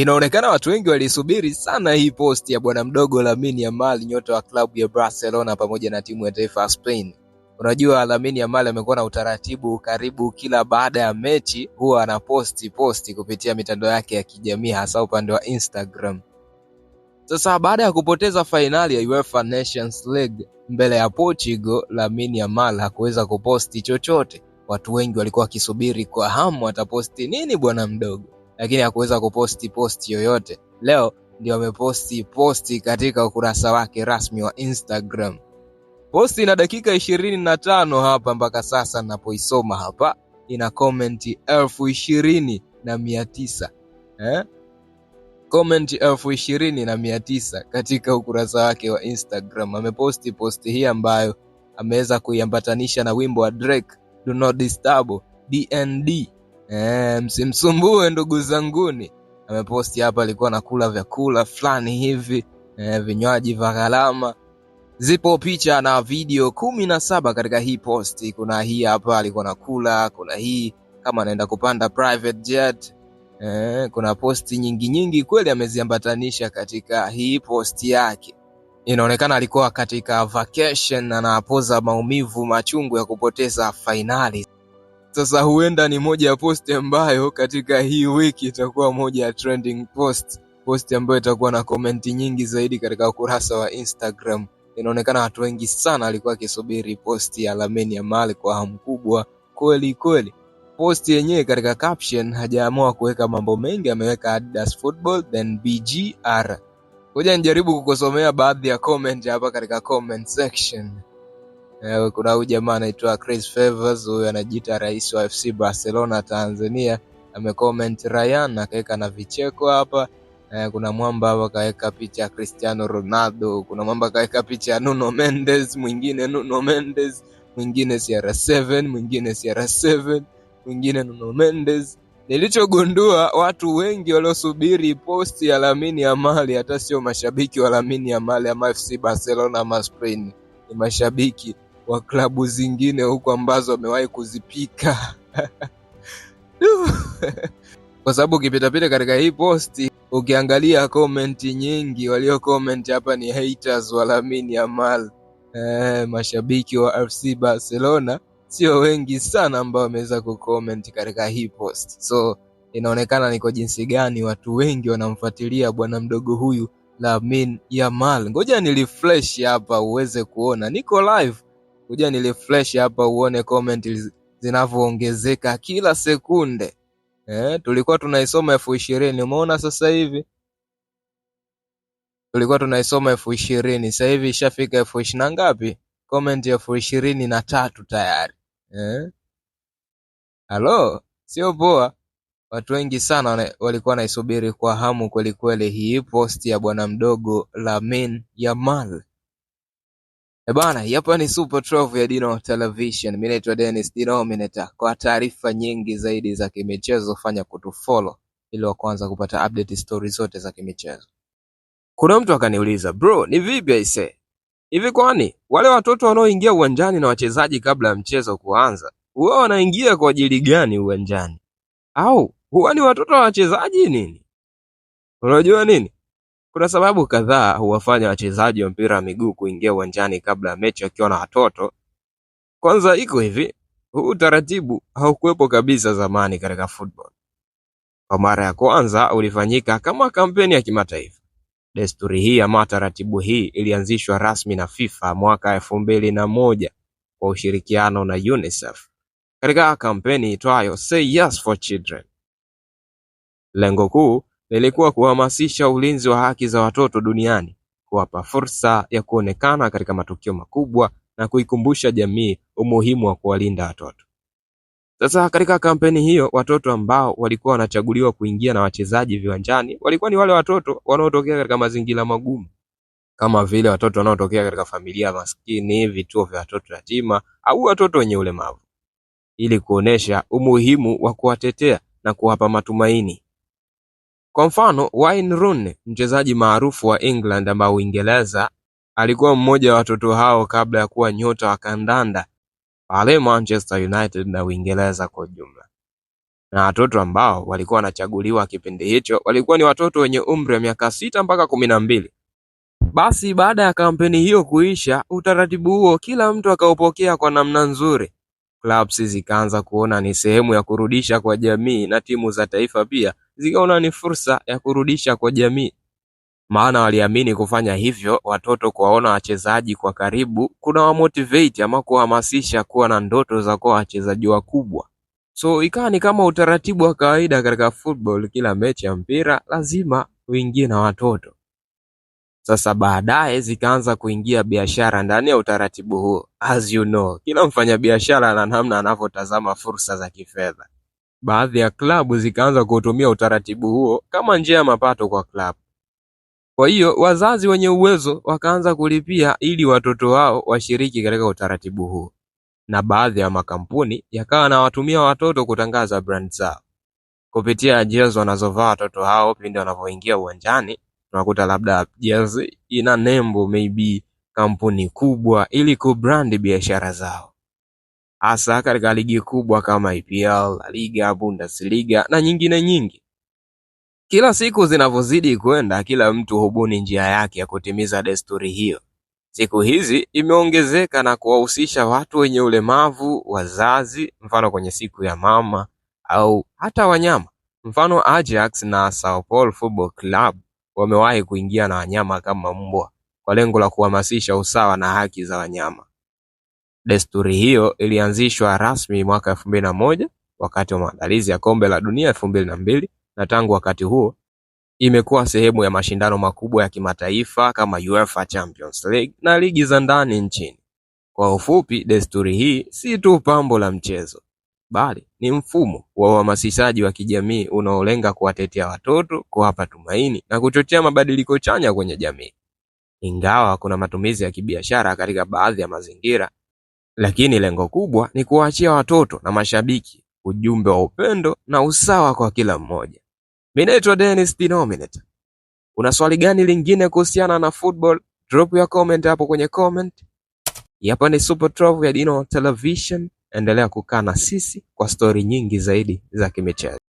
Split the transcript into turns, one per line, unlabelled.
Inaonekana watu wengi waliisubiri sana hii post ya bwana mdogo Lamine Yamal, nyota wa klabu ya Barcelona pamoja na timu ya taifa ya Spain. Unajua, Lamine Yamal amekuwa na utaratibu, karibu kila baada ya mechi huwa anaposti posti kupitia mitandao yake ya kijamii, hasa upande wa Instagram. Sasa baada ya kupoteza fainali ya UEFA Nations League mbele ya Portugal, Lamine Yamal hakuweza kuposti chochote. Watu wengi walikuwa wakisubiri kwa hamu ataposti nini bwana mdogo lakini hakuweza kuposti posti yoyote. Leo ndio ameposti posti katika ukurasa wake rasmi wa Instagram. Posti ina dakika ishirini na tano hapa mpaka sasa napoisoma hapa ina komenti elfu ishirini na mia tisa eh? komenti elfu ishirini na mia tisa katika ukurasa wake wa Instagram. Ameposti posti hii ambayo ameweza kuiambatanisha na wimbo wa Drake Do Not Disturb DND Eh, msimsumbue ndugu zanguni. Ameposti hapa, alikuwa anakula vyakula fulani hivi eh, vinywaji vya gharama. Zipo picha na video kumi na saba katika hii posti. Kuna hii hapa alikuwa nakula, kuna hii kama anaenda kupanda private jet Eh, kuna posti nyingi nyingi kweli ameziambatanisha katika hii posti yake. Inaonekana alikuwa katika vacation anapoza maumivu machungu ya kupoteza fainali. Sasa huenda ni moja ya posti ambayo katika hii wiki itakuwa moja ya trending post, posti ambayo itakuwa na komenti nyingi zaidi katika ukurasa wa Instagram. Inaonekana watu wengi sana alikuwa akisubiri posti ya Lamine Yamal kwa hamu kubwa kweli kweli. Posti yenyewe katika caption hajaamua kuweka mambo mengi, ameweka Adidas football then BGR. Ngoja nijaribu kukusomea baadhi ya comment hapa katika comment section. Eh, kuna huyu jamaa anaitwa Chris Favors, huyu anajiita rais wa FC Barcelona Tanzania, amecomment Ryan akaweka na vicheko hapa. Eh, kuna mwamba hapa kaweka picha ya Cristiano Ronaldo, kuna mwamba kaweka picha ya Nuno Mendes, mwingine Nuno Mendes, mwingine CR7, mwingine CR7, mwingine Nuno Mendes. Nilichogundua watu wengi waliosubiri post ya Lamine Yamal hata sio mashabiki wa Lamine Yamal ama FC Barcelona ama Spain, ni mashabiki wa klabu zingine huko ambazo amewahi kuzipika kwa sababu ukipitapita katika hii posti ukiangalia komenti nyingi, walio komenti hapa ni haters wa Lamine Yamal. E, mashabiki wa FC Barcelona sio wengi sana ambao wameweza kucomment katika hii post, so inaonekana ni kwa jinsi gani watu wengi wanamfuatilia bwana mdogo huyu lamin Yamal. Ngoja ni refresh hapa uweze kuona, niko live kuja nirefresh hapa uone comment zinavyoongezeka kila sekunde eh. Tulikuwa tunaisoma elfu ishirini umeona sasa hivi, tulikuwa tunaisoma elfu ishirini sasa hivi ishafika elfu ishirini na ngapi? Comment elfu ishirini na tatu tayari eh. Halo, sio poa. Watu wengi sana walikuwa naisubiri kwa hamu kwelikweli hii post ya bwana mdogo Lamine Yamal. Ebana, eh, hapa ni Super 12 ya Dino Television. Mimi naitwa Dennis Dinominator. Kwa taarifa nyingi zaidi za kimichezo fanya kutufollow ili wa kwanza kupata update story zote za kimichezo. Kuna mtu akaniuliza, "Bro, ni vipi aise? Hivi kwani wale watoto wanaoingia uwanjani na wachezaji kabla ya mchezo kuanza, wao wanaingia kwa ajili gani uwanjani? Au huwa ni watoto wa wachezaji nini?" Unajua nini? Kuna sababu kadhaa huwafanya wachezaji wa mpira wa miguu kuingia uwanjani kabla ya mechi wakiwa na watoto. Kwanza iko hivi, huu utaratibu haukuwepo kabisa zamani katika football. Kwa mara ya kwanza ulifanyika kama kampeni ya kimataifa. Desturi hii ama taratibu hii ilianzishwa rasmi na FIFA mwaka elfu mbili na moja kwa ushirikiano na UNICEF katika kampeni itwayo Say Yes for Children. Lengo kuu lilikuwa kuhamasisha ulinzi wa haki za watoto duniani kuwapa fursa ya kuonekana katika matukio makubwa na kuikumbusha jamii umuhimu wa kuwalinda watoto. Sasa katika kampeni hiyo, watoto ambao walikuwa wanachaguliwa kuingia na wachezaji viwanjani walikuwa ni wale watoto wanaotokea katika mazingira magumu, kama vile watoto wanaotokea katika familia maskini, vituo vya watoto yatima au watoto wenye ulemavu, ili kuonesha umuhimu wa kuwatetea na kuwapa matumaini. Kwa mfano, Wayne Rooney, mchezaji maarufu wa England ambao Uingereza, alikuwa mmoja wa watoto hao kabla ya kuwa nyota wa kandanda pale Manchester United na Uingereza kwa ujumla. Na watoto ambao walikuwa wanachaguliwa kipindi hicho walikuwa ni watoto wenye umri wa miaka sita mpaka kumi na mbili. Basi baada ya kampeni hiyo kuisha, utaratibu huo kila mtu akaupokea kwa namna nzuri. Clubs zikaanza kuona ni sehemu ya kurudisha kwa jamii na timu za taifa pia zikaona ni fursa ya kurudisha kwa jamii maana waliamini kufanya hivyo watoto kuwaona wachezaji kwa karibu kuna wamotivate ama kuhamasisha kuwa na ndoto za kuwa wachezaji wakubwa. So ikawa ni kama utaratibu wa kawaida katika football, kila mechi ya mpira lazima uingie na watoto. Sasa baadaye zikaanza kuingia biashara ndani ya utaratibu huo. As you know, kila mfanyabiashara ana namna anavyotazama fursa za kifedha. Baadhi ya klabu zikaanza kuutumia utaratibu huo kama njia ya mapato kwa klabu kwa hiyo wazazi wenye uwezo wakaanza kulipia ili watoto wao washiriki katika utaratibu huo na baadhi ya makampuni yakawa nawatumia watoto kutangaza brand zao kupitia jezi wanazovaa watoto hao pindi wanapoingia uwanjani. Tunakuta labda jezi ina nembo maybe kampuni kubwa, ili kubrand biashara zao hasa katika ligi kubwa kama EPL, La Liga, Bundesliga na nyingine nyingi. Kila siku zinavyozidi kwenda, kila mtu hubuni njia yake ya kutimiza desturi hiyo. Siku hizi imeongezeka na kuwahusisha watu wenye ulemavu, wazazi, mfano kwenye siku ya mama, au hata wanyama, mfano Ajax na Sao Paulo Football Club wamewahi kuingia na wanyama kama mbwa kwa lengo la kuhamasisha usawa na haki za wanyama. Desturi hiyo ilianzishwa rasmi mwaka elfu mbili na moja wakati wa maandalizi ya Kombe la Dunia elfu mbili na mbili na tangu wakati huo imekuwa sehemu ya mashindano makubwa ya kimataifa kama UEFA Champions League na ligi za ndani nchini. Kwa ufupi, desturi hii si tu pambo la mchezo, bali ni mfumo wa uhamasishaji wa kijamii unaolenga kuwatetea watoto, kuwapa tumaini na kuchochea mabadiliko chanya kwenye jamii. Ingawa kuna matumizi ya kibiashara katika baadhi ya mazingira, lakini lengo kubwa ni kuwaachia watoto na mashabiki ujumbe wa upendo na usawa kwa kila mmoja. Mimi naitwa Dennis Denominator. Una swali gani lingine kuhusiana na football? Drop ya comment hapo kwenye comment. Hapa ni Super 12 ya Dino Television. Endelea kukaa na sisi kwa stori nyingi zaidi za kimichezo.